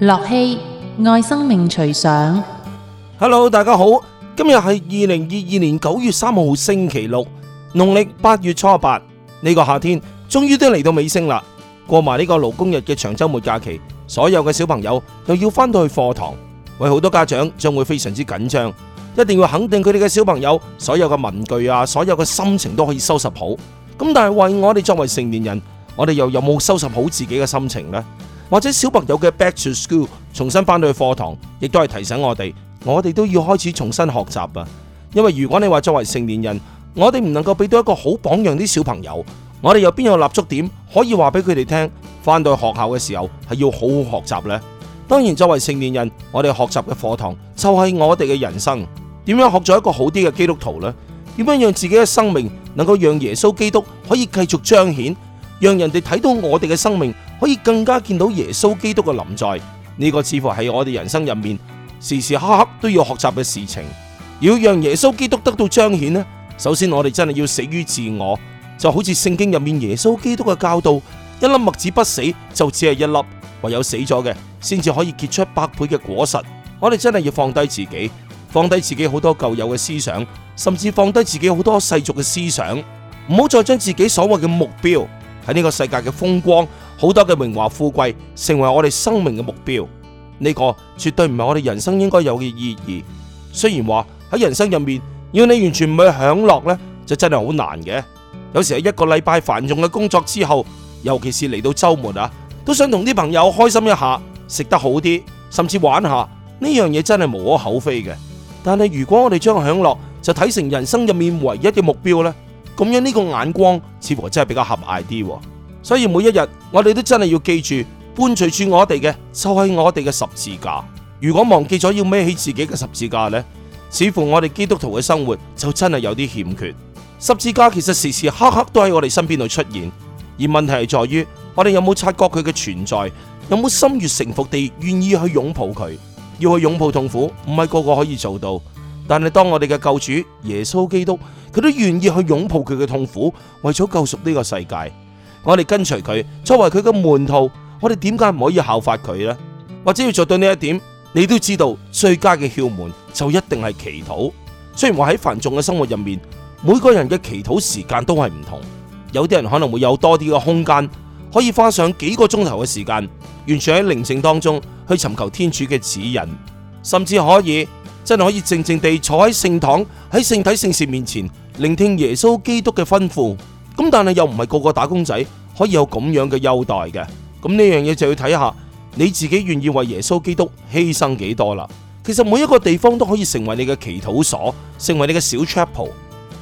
樂器愛生命隨想，Hello，大家好，今日係二零二二年九月三號星期六，農曆八月初八。呢個夏天終於都嚟到尾聲啦，過埋呢個勞工日嘅長周末假期，所有嘅小朋友又要翻到去課堂，為好多家長將會非常之緊張，一定要肯定佢哋嘅小朋友，所有嘅文具啊，所有嘅心情都可以收拾好。咁但係為我哋作為成年人，我哋又有冇收拾好自己嘅心情呢？或者小朋友嘅 back to school 重新翻到去課堂，亦都係提醒我哋，我哋都要開始重新學習啊！因為如果你話作為成年人，我哋唔能夠俾到一個好榜樣啲小朋友，我哋有邊有立足點可以話俾佢哋聽，翻到去學校嘅時候係要好好學習咧？當然，作為成年人，我哋學習嘅課堂就係我哋嘅人生，點樣學咗一個好啲嘅基督徒咧？點樣讓自己嘅生命能夠讓耶穌基督可以繼續彰顯？讓人哋睇到我哋嘅生命，可以更加見到耶穌基督嘅臨在呢個，似乎係我哋人生入面時時刻刻都要學習嘅事情。要讓耶穌基督得到彰顯咧，首先我哋真係要死於自我，就好似聖經入面耶穌基督嘅教導，一粒麥子不死就只係一粒，唯有死咗嘅先至可以結出百倍嘅果實。我哋真係要放低自己，放低自己好多舊有嘅思想，甚至放低自己好多世俗嘅思想，唔好再將自己所謂嘅目標。喺呢個世界嘅風光，好多嘅榮華富貴，成為我哋生命嘅目標。呢個絕對唔係我哋人生應該有嘅意義。雖然話喺人生入面，要你完全唔去享樂呢，就真係好難嘅。有時喺一個禮拜繁重嘅工作之後，尤其是嚟到周末啊，都想同啲朋友開心一下，食得好啲，甚至玩下。呢樣嘢真係無可厚非嘅。但係如果我哋將享樂就睇成人生入面唯一嘅目標呢，咁樣呢個眼光似乎真係比較狹隘啲，所以每一日我哋都真係要記住伴隨住我哋嘅，就係我哋嘅十字架。如果忘記咗要孭起自己嘅十字架呢，似乎我哋基督徒嘅生活就真係有啲欠缺。十字架其實時時刻刻都喺我哋身邊度出現，而問題係在於我哋有冇察覺佢嘅存在，有冇心悦誠服地願意去擁抱佢，要去擁抱痛苦，唔係個，個個可以做到。但係，當我哋嘅救主耶穌基督，佢都願意去擁抱佢嘅痛苦，為咗救贖呢個世界。我哋跟隨佢，作為佢嘅門徒，我哋點解唔可以效法佢呢？或者要做到呢一點，你都知道最佳嘅竅門就一定係祈禱。雖然話喺繁重嘅生活入面，每個人嘅祈禱時間都係唔同，有啲人可能會有多啲嘅空間，可以花上幾個鐘頭嘅時間，完全喺靈性當中去尋求天主嘅指引，甚至可以。真係可以靜靜地坐喺聖堂，喺聖體聖事面前聆聽耶穌基督嘅吩咐。咁，但係又唔係個個打工仔可以有咁樣嘅優待嘅。咁呢樣嘢就要睇下你自己願意為耶穌基督犧牲幾多啦。其實每一個地方都可以成為你嘅祈禱所，成為你嘅小 chapel。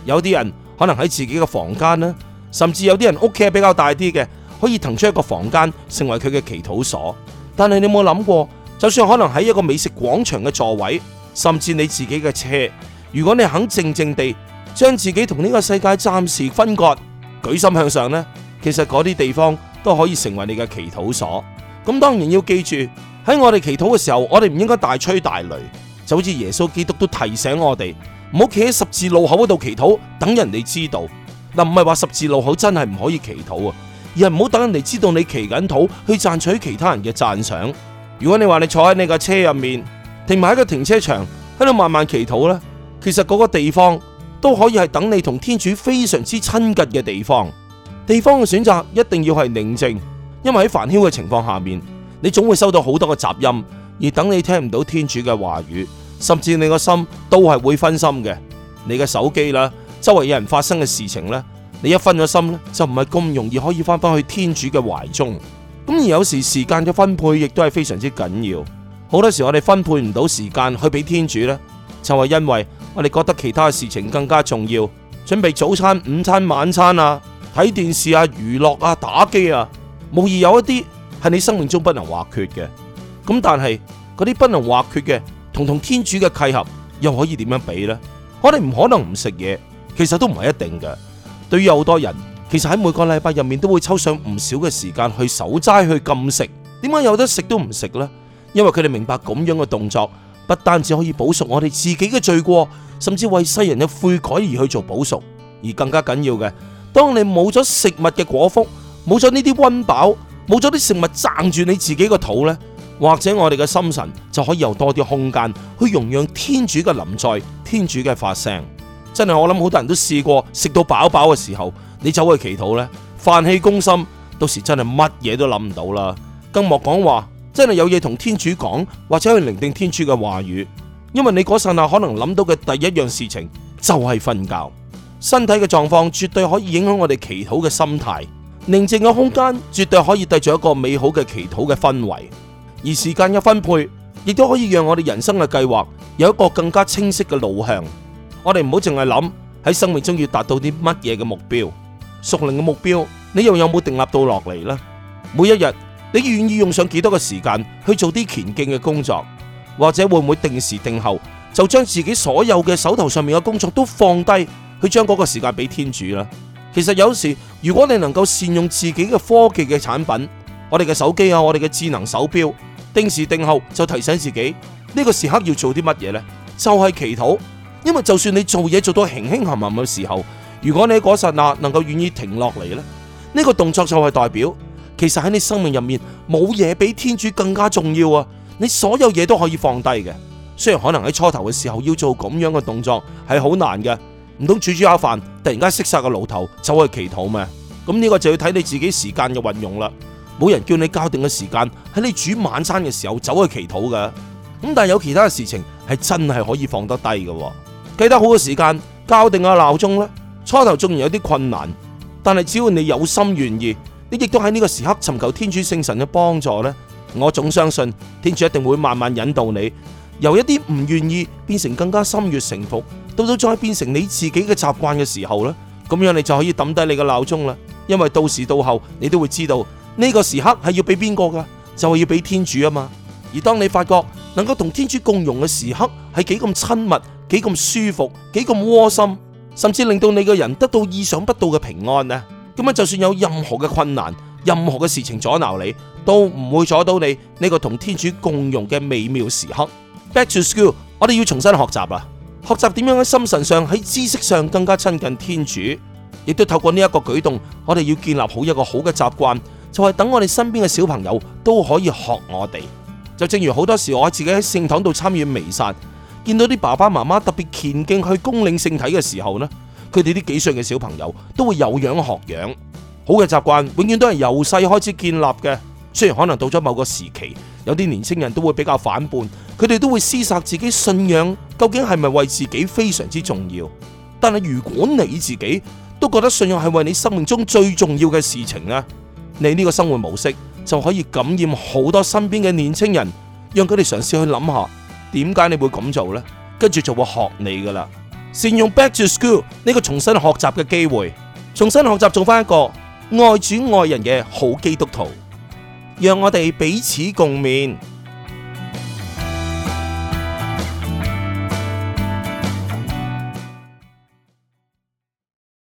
有啲人可能喺自己嘅房間啦，甚至有啲人屋企比較大啲嘅，可以騰出一個房間成為佢嘅祈禱所。但係你有冇諗過，就算可能喺一個美食廣場嘅座位？甚至你自己嘅車，如果你肯靜靜地將自己同呢個世界暫時分割，舉心向上呢，其實嗰啲地方都可以成為你嘅祈禱所。咁當然要記住，喺我哋祈禱嘅時候，我哋唔應該大吹大擂，就好似耶穌基督都提醒我哋，唔好企喺十字路口嗰度祈禱，等人哋知道。嗱，唔係話十字路口真係唔可以祈禱啊，而係唔好等人哋知道你祈緊禱去賺取其他人嘅讚賞。如果你話你坐喺你架車入面，停埋喺個停車場，喺度慢慢祈禱啦。其實嗰個地方都可以係等你同天主非常之親近嘅地方。地方嘅選擇一定要係寧靜，因為喺煩囂嘅情況下面，你總會收到好多嘅雜音，而等你聽唔到天主嘅話語，甚至你個心都係會分心嘅。你嘅手機啦，周圍有人發生嘅事情咧，你一分咗心咧，就唔係咁容易可以翻返去天主嘅懷中。咁而有時時間嘅分配亦都係非常之緊要。好多時我哋分配唔到時間去俾天主呢，就係因為我哋覺得其他事情更加重要，準備早餐、午餐、晚餐啊，睇電視啊、娛樂啊、打機啊，無疑有一啲係你生命中不能劃缺嘅。咁但係嗰啲不能或缺嘅，同同天主嘅契合又可以點樣比呢？我哋唔可能唔食嘢，其實都唔係一定嘅。對於好多人，其實喺每個禮拜入面都會抽上唔少嘅時間去守齋去禁食。點解有得食都唔食呢？因為佢哋明白咁樣嘅動作，不單止可以補贖我哋自己嘅罪過，甚至為世人嘅悔改而去做補贖。而更加緊要嘅，當你冇咗食物嘅果腹，冇咗呢啲溫飽，冇咗啲食物撐住你自己個肚呢，或者我哋嘅心神就可以有多啲空間去榮耀天主嘅臨在，天主嘅發聲。真係我諗好多人都試過食到飽飽嘅時候，你走去祈禱呢，飯氣攻心，到時真係乜嘢都諗唔到啦，更莫講話。真係有嘢同天主講，或者去聆聽天主嘅話語，因為你嗰剎那可能諗到嘅第一樣事情就係瞓覺。身體嘅狀況絕對可以影響我哋祈禱嘅心態，寧靜嘅空間絕對可以帶住一個美好嘅祈禱嘅氛圍，而時間嘅分配亦都可以讓我哋人生嘅計劃有一個更加清晰嘅路向。我哋唔好淨係諗喺生命中要達到啲乜嘢嘅目標，熟齡嘅目標你又有冇定立到落嚟呢？每一日，你願意用上幾多個時間去做啲虔敬嘅工作，或者會唔會定時定後就將自己所有嘅手頭上面嘅工作都放低，去將嗰個時間俾天主啦？其實有時如果你能夠善用自己嘅科技嘅產品，我哋嘅手機啊，我哋嘅智能手錶，定時定後就提醒自己呢、這個時刻要做啲乜嘢呢？就係、是、祈禱，因為就算你做嘢做到輕輕含含嘅時候，如果你嗰剎那能夠願意停落嚟呢，呢、這個動作就係代表。其實喺你生命入面冇嘢，比天主更加重要啊！你所有嘢都可以放低嘅。雖然可能喺初頭嘅時候要做咁樣嘅動作係好難嘅，唔通煮煮下飯突然間熄晒個爐頭走去祈禱咩？咁呢個就要睇你自己時間嘅運用啦。冇人叫你校定嘅時間喺你煮晚餐嘅時候走去祈禱嘅。咁但係有其他嘅事情係真係可以放得低嘅，計得好嘅時間校定個鬧鐘啦。初頭縱然有啲困難，但係只要你有心願意。你亦都喺呢個時刻尋求天主聖神嘅幫助呢，我總相信天主一定會慢慢引導你，由一啲唔願意變成更加心悅誠服，到到再變成你自己嘅習慣嘅時候呢，咁樣你就可以抌低你嘅鬧鐘啦，因為到時到後你都會知道呢個時刻係要俾邊個噶，就係要俾天主啊嘛。而當你發覺能夠同天主共融嘅時刻係幾咁親密、幾咁舒服、幾咁窩心，甚至令到你個人得到意想不到嘅平安啊！咁啊！就算有任何嘅困難，任何嘅事情阻撓你，都唔會阻到你呢，這個同天主共融嘅美妙時刻。Back to school，我哋要重新學習啊！學習點樣喺心神上，喺知識上更加親近天主，亦都透過呢一個舉動，我哋要建立好一個好嘅習慣，就係，是，等我哋身邊嘅小朋友都可以學我哋。就正如好多時我自己喺聖堂度參與彌撒，見到啲爸爸媽媽特別虔敬去供領聖體嘅時候呢，佢哋啲幾歲嘅小朋友都會有樣學樣，好嘅習慣永遠都係由細開始建立嘅。雖然可能到咗某個時期，有啲年輕人都會比較反叛，佢哋都會思索自己信仰究竟係咪為自己非常之重要。但係如果你自己都覺得信仰係為你生命中最重要嘅事情呢，你呢個生活模式就可以感染好多身邊嘅年輕人，讓佢哋嘗試去諗下點解你會咁做呢，跟住就會學你噶啦。善用 Back to School 呢個重新學習嘅機會，重新學習做返一個愛主愛人嘅好基督徒，讓我哋彼此共勉。